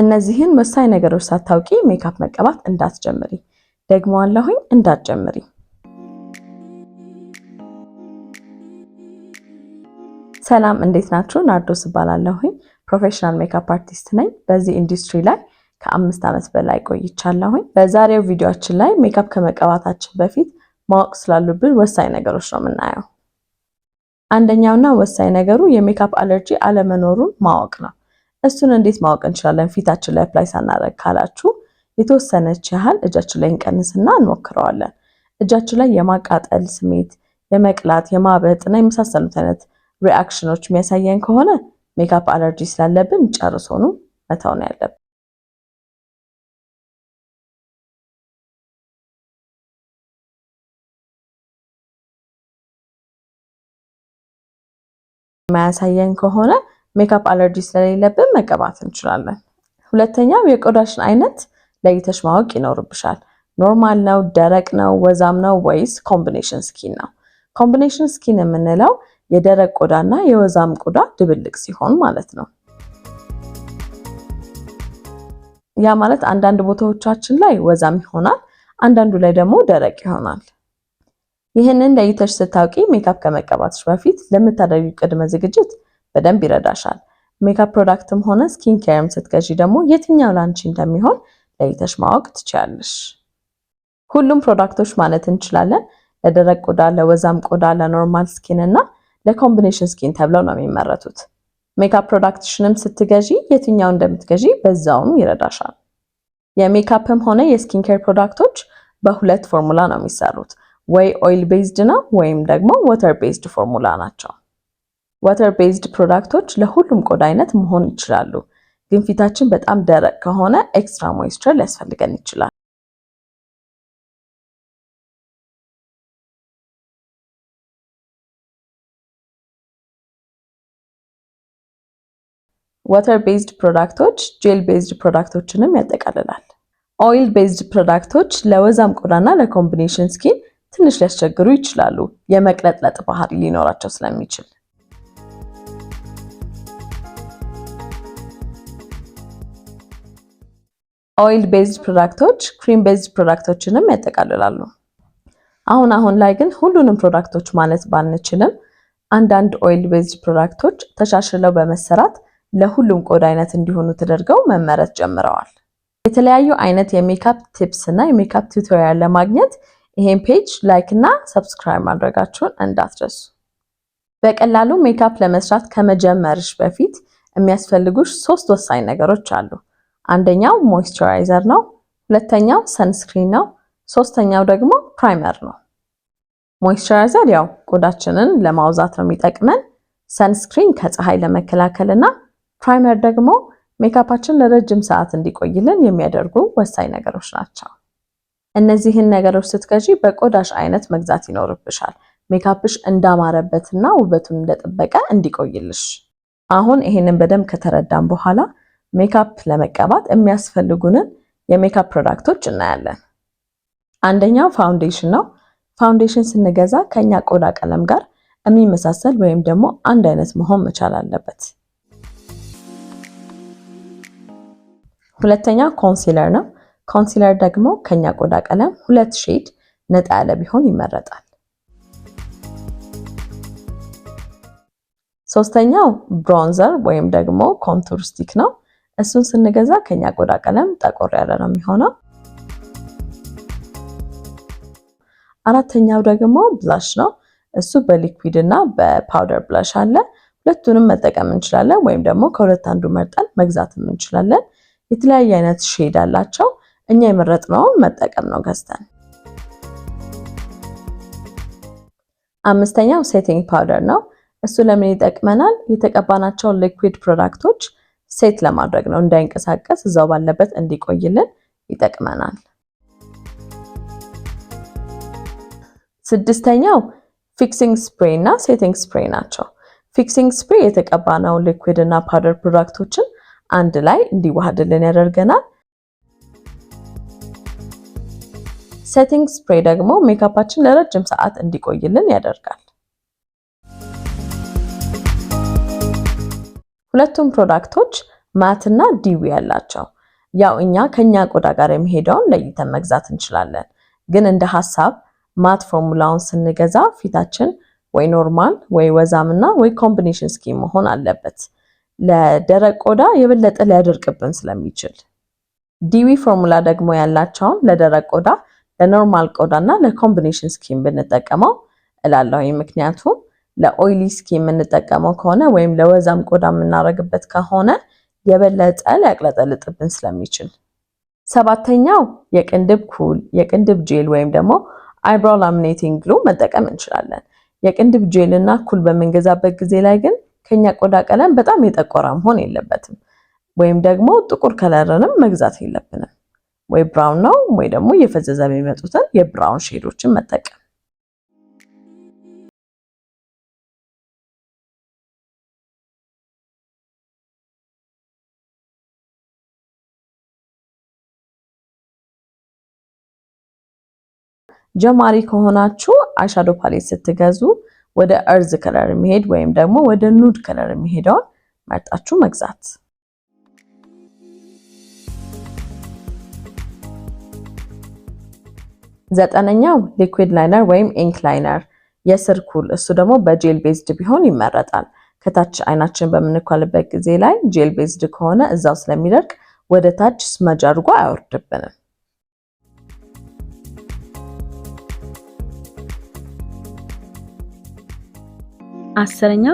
እነዚህን ወሳኝ ነገሮች ሳታውቂ ሜካፕ መቀባት እንዳትጀምሪ። ደግሞ አለሁኝ እንዳትጀምሪ። ሰላም እንዴት ናችሁ? ናርዶስ እባላለሁኝ። ፕሮፌሽናል ሜካፕ አርቲስት ነኝ። በዚህ ኢንዱስትሪ ላይ ከአምስት ዓመት በላይ ቆይቻለሁኝ። በዛሬው ቪዲዮችን ላይ ሜካፕ ከመቀባታችን በፊት ማወቅ ስላሉብን ወሳኝ ነገሮች ነው የምናየው። አንደኛውና ወሳኝ ነገሩ የሜካፕ አለርጂ አለመኖሩን ማወቅ ነው። እሱን እንዴት ማወቅ እንችላለን ፊታችን ላይ አፕላይ ሳናደርግ ካላችሁ የተወሰነች ያህል እጃችን ላይ እንቀንስና እንሞክረዋለን። እጃችን ላይ የማቃጠል ስሜት፣ የመቅላት፣ የማበጥና የመሳሰሉት አይነት ሪአክሽኖች የሚያሳየን ከሆነ ሜካፕ አለርጂ ስላለብን ጨርሶኑ መተው ነው ያለብን። የማያሳየን ከሆነ ሜካፕ አለርጂ ስለሌለብን መቀባት እንችላለን። ሁለተኛው የቆዳሽን አይነት ለይተሽ ማወቅ ይኖርብሻል። ኖርማል ነው፣ ደረቅ ነው፣ ወዛም ነው ወይስ ኮምቢኔሽን ስኪን ነው? ኮምቢኔሽን ስኪን የምንለው የደረቅ ቆዳ እና የወዛም ቆዳ ድብልቅ ሲሆን ማለት ነው። ያ ማለት አንዳንድ ቦታዎቻችን ላይ ወዛም ይሆናል፣ አንዳንዱ ላይ ደግሞ ደረቅ ይሆናል። ይህንን ለይተሽ ስታውቂ ሜካፕ ከመቀባትሽ በፊት ለምታደርጊው ቅድመ ዝግጅት በደንብ ይረዳሻል። ሜካፕ ፕሮዳክትም ሆነ ስኪን ኬርም ስትገዢ ደግሞ የትኛው ላንቺ እንደሚሆን ለይተሽ ማወቅ ትችያለሽ። ሁሉም ፕሮዳክቶች ማለት እንችላለን ለደረቅ ቆዳ፣ ለወዛም ቆዳ፣ ለኖርማል ስኪን እና ለኮምቢኔሽን ስኪን ተብለው ነው የሚመረቱት። ሜካፕ ፕሮዳክትሽንም ስትገዢ የትኛው እንደምትገዢ በዛውም ይረዳሻል። የሜካፕም ሆነ የስኪን ኬር ፕሮዳክቶች በሁለት ፎርሙላ ነው የሚሰሩት። ወይ ኦይል ቤዝድ ነው ወይም ደግሞ ወተር ቤዝድ ፎርሙላ ናቸው። ዋተር ቤዝድ ፕሮዳክቶች ለሁሉም ቆዳ አይነት መሆን ይችላሉ፣ ግን ፊታችን በጣም ደረቅ ከሆነ ኤክስትራ ሞይስቸር ሊያስፈልገን ይችላል። ዋተር ቤዝድ ፕሮዳክቶች ጄል ቤዝድ ፕሮዳክቶችንም ያጠቃልላል። ኦይል ቤዝድ ፕሮዳክቶች ለወዛም ቆዳና ለኮምቢኔሽን ስኪን ትንሽ ሊያስቸግሩ ይችላሉ የመቅለጥለጥ ባህሪ ሊኖራቸው ስለሚችል ኦይል ቤዝድ ፕሮዳክቶች፣ ክሪም ቤዝድ ፕሮዳክቶችንም ያጠቃልላሉ። አሁን አሁን ላይ ግን ሁሉንም ፕሮዳክቶች ማለት ባንችልም አንዳንድ ኦይል ቤዝድ ፕሮዳክቶች ተሻሽለው በመሰራት ለሁሉም ቆዳ አይነት እንዲሆኑ ተደርገው መመረት ጀምረዋል። የተለያዩ አይነት የሜካፕ ቲፕስ እና የሜካፕ ቱቶሪያል ለማግኘት ይሄን ፔጅ ላይክ እና ሰብስክራይብ ማድረጋችሁን እንዳትረሱ። በቀላሉ ሜካፕ ለመስራት ከመጀመርሽ በፊት የሚያስፈልጉሽ ሶስት ወሳኝ ነገሮች አሉ። አንደኛው ሞይስቸራይዘር ነው። ሁለተኛው ሰንስክሪን ነው። ሶስተኛው ደግሞ ፕራይመር ነው። ሞይስቸራይዘር ያው ቆዳችንን ለማውዛት ነው የሚጠቅመን። ሰንስክሪን ከፀሐይ ለመከላከል እና ፕራይመር ደግሞ ሜካፓችን ለረጅም ሰዓት እንዲቆይልን የሚያደርጉ ወሳኝ ነገሮች ናቸው። እነዚህን ነገሮች ስትገዢ በቆዳሽ አይነት መግዛት ይኖርብሻል፣ ሜካፕሽ እንዳማረበትና ውበቱን እንደጠበቀ እንዲቆይልሽ። አሁን ይሄንን በደንብ ከተረዳን በኋላ ሜካፕ ለመቀባት የሚያስፈልጉንን የሜካፕ ፕሮዳክቶች እናያለን። አንደኛው ፋውንዴሽን ነው። ፋውንዴሽን ስንገዛ ከኛ ቆዳ ቀለም ጋር የሚመሳሰል ወይም ደግሞ አንድ አይነት መሆን መቻል አለበት። ሁለተኛ ኮንሲለር ነው። ኮንሲለር ደግሞ ከኛ ቆዳ ቀለም ሁለት ሼድ ነጣ ያለ ቢሆን ይመረጣል። ሶስተኛው ብሮንዘር ወይም ደግሞ ኮንቱር ስቲክ ነው። እሱን ስንገዛ ከኛ ቆዳ ቀለም ጠቆር ያለ ነው የሚሆነው። አራተኛው ደግሞ ብላሽ ነው። እሱ በሊኩዊድ እና በፓውደር ብላሽ አለ። ሁለቱንም መጠቀም እንችላለን፣ ወይም ደግሞ ከሁለት አንዱ መርጠን መግዛትም እንችላለን። የተለያየ አይነት ሼድ አላቸው። እኛ የመረጥነውን መጠቀም ነው ገዝተን። አምስተኛው ሴቲንግ ፓውደር ነው። እሱ ለምን ይጠቅመናል? የተቀባናቸው ሊኩዊድ ፕሮዳክቶች ሴት ለማድረግ ነው። እንዳይንቀሳቀስ እዛው ባለበት እንዲቆይልን ይጠቅመናል። ስድስተኛው ፊክሲንግ ስፕሬይ እና ሴቲንግ ስፕሬይ ናቸው። ፊክሲንግ ስፕሬይ የተቀባነውን ሊኩዊድ እና ፓውደር ፕሮዳክቶችን አንድ ላይ እንዲዋሃድልን ያደርገናል። ሴቲንግ ስፕሬይ ደግሞ ሜካፓችን ለረጅም ሰዓት እንዲቆይልን ያደርጋል። ሁለቱም ፕሮዳክቶች ማት እና ዲዊ ያላቸው። ያው እኛ ከኛ ቆዳ ጋር የሚሄደውን ለይተን መግዛት እንችላለን። ግን እንደ ሀሳብ ማት ፎርሙላውን ስንገዛ ፊታችን ወይ ኖርማል ወይ ወዛም እና ወይ ኮምቢኔሽን ስኪን መሆን አለበት ለደረቅ ቆዳ የበለጠ ሊያደርቅብን ስለሚችል። ዲዊ ፎርሙላ ደግሞ ያላቸውን ለደረቅ ቆዳ፣ ለኖርማል ቆዳ እና ለኮምቢኔሽን ስኪን ብንጠቀመው እላለሁ። ምክንያቱም ለኦይሊ ስኪ የምንጠቀመው ከሆነ ወይም ለወዛም ቆዳ የምናደርግበት ከሆነ የበለጠ ሊያቅለጠልጥብን ስለሚችል። ሰባተኛው የቅንድብ ኩል፣ የቅንድብ ጄል ወይም ደግሞ አይብራው ላሚኔቲንግ ግሉ መጠቀም እንችላለን። የቅንድብ ጄል እና ኩል በምንገዛበት ጊዜ ላይ ግን ከኛ ቆዳ ቀለም በጣም የጠቆረ መሆን የለበትም። ወይም ደግሞ ጥቁር ከለርንም መግዛት የለብንም። ወይ ብራውን ነው ወይ ደግሞ እየፈዘዘ የሚመጡትን የብራውን ሼዶችን መጠቀም ጀማሪ ከሆናችሁ አሻዶ ፓሌት ስትገዙ ወደ እርዝ ከለር የሚሄድ ወይም ደግሞ ወደ ኑድ ከለር የሚሄደውን መርጣችሁ መግዛት። ዘጠነኛው ሊኩዊድ ላይነር ወይም ኢንክ ላይነር የስር ኩል፣ እሱ ደግሞ በጄል ቤዝድ ቢሆን ይመረጣል። ከታች አይናችን በምንኳልበት ጊዜ ላይ ጄል ቤዝድ ከሆነ እዛው ስለሚደርቅ ወደ ታች ስመጅ አድርጎ አይወርድብንም። አስረኛው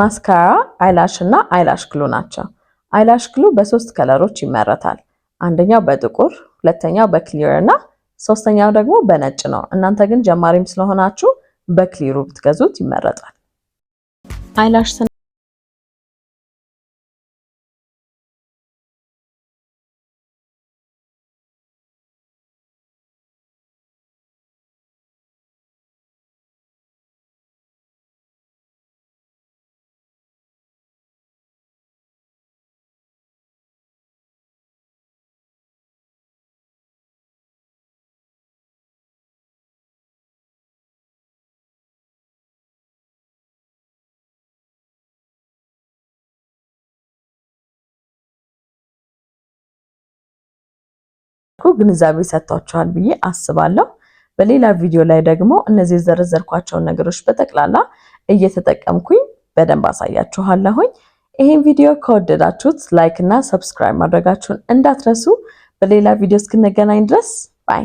ማስካራ፣ አይላሽ እና አይላሽ ግሉ ናቸው። አይላሽ ግሉ በሶስት ከለሮች ይመረታል። አንደኛው በጥቁር፣ ሁለተኛው በክሊር እና ሶስተኛው ደግሞ በነጭ ነው። እናንተ ግን ጀማሪም ስለሆናችሁ በክሊሩ ብትገዙት ይመረጣል። አይላሽ ግንዛቤ ሰጥቷቸዋል ብዬ አስባለሁ። በሌላ ቪዲዮ ላይ ደግሞ እነዚህ የዘረዘርኳቸውን ነገሮች በጠቅላላ እየተጠቀምኩኝ በደንብ አሳያችኋለሁኝ። ይህን ቪዲዮ ከወደዳችሁት ላይክ እና ሰብስክራይብ ማድረጋችሁን እንዳትረሱ። በሌላ ቪዲዮ እስክንገናኝ ድረስ ባይ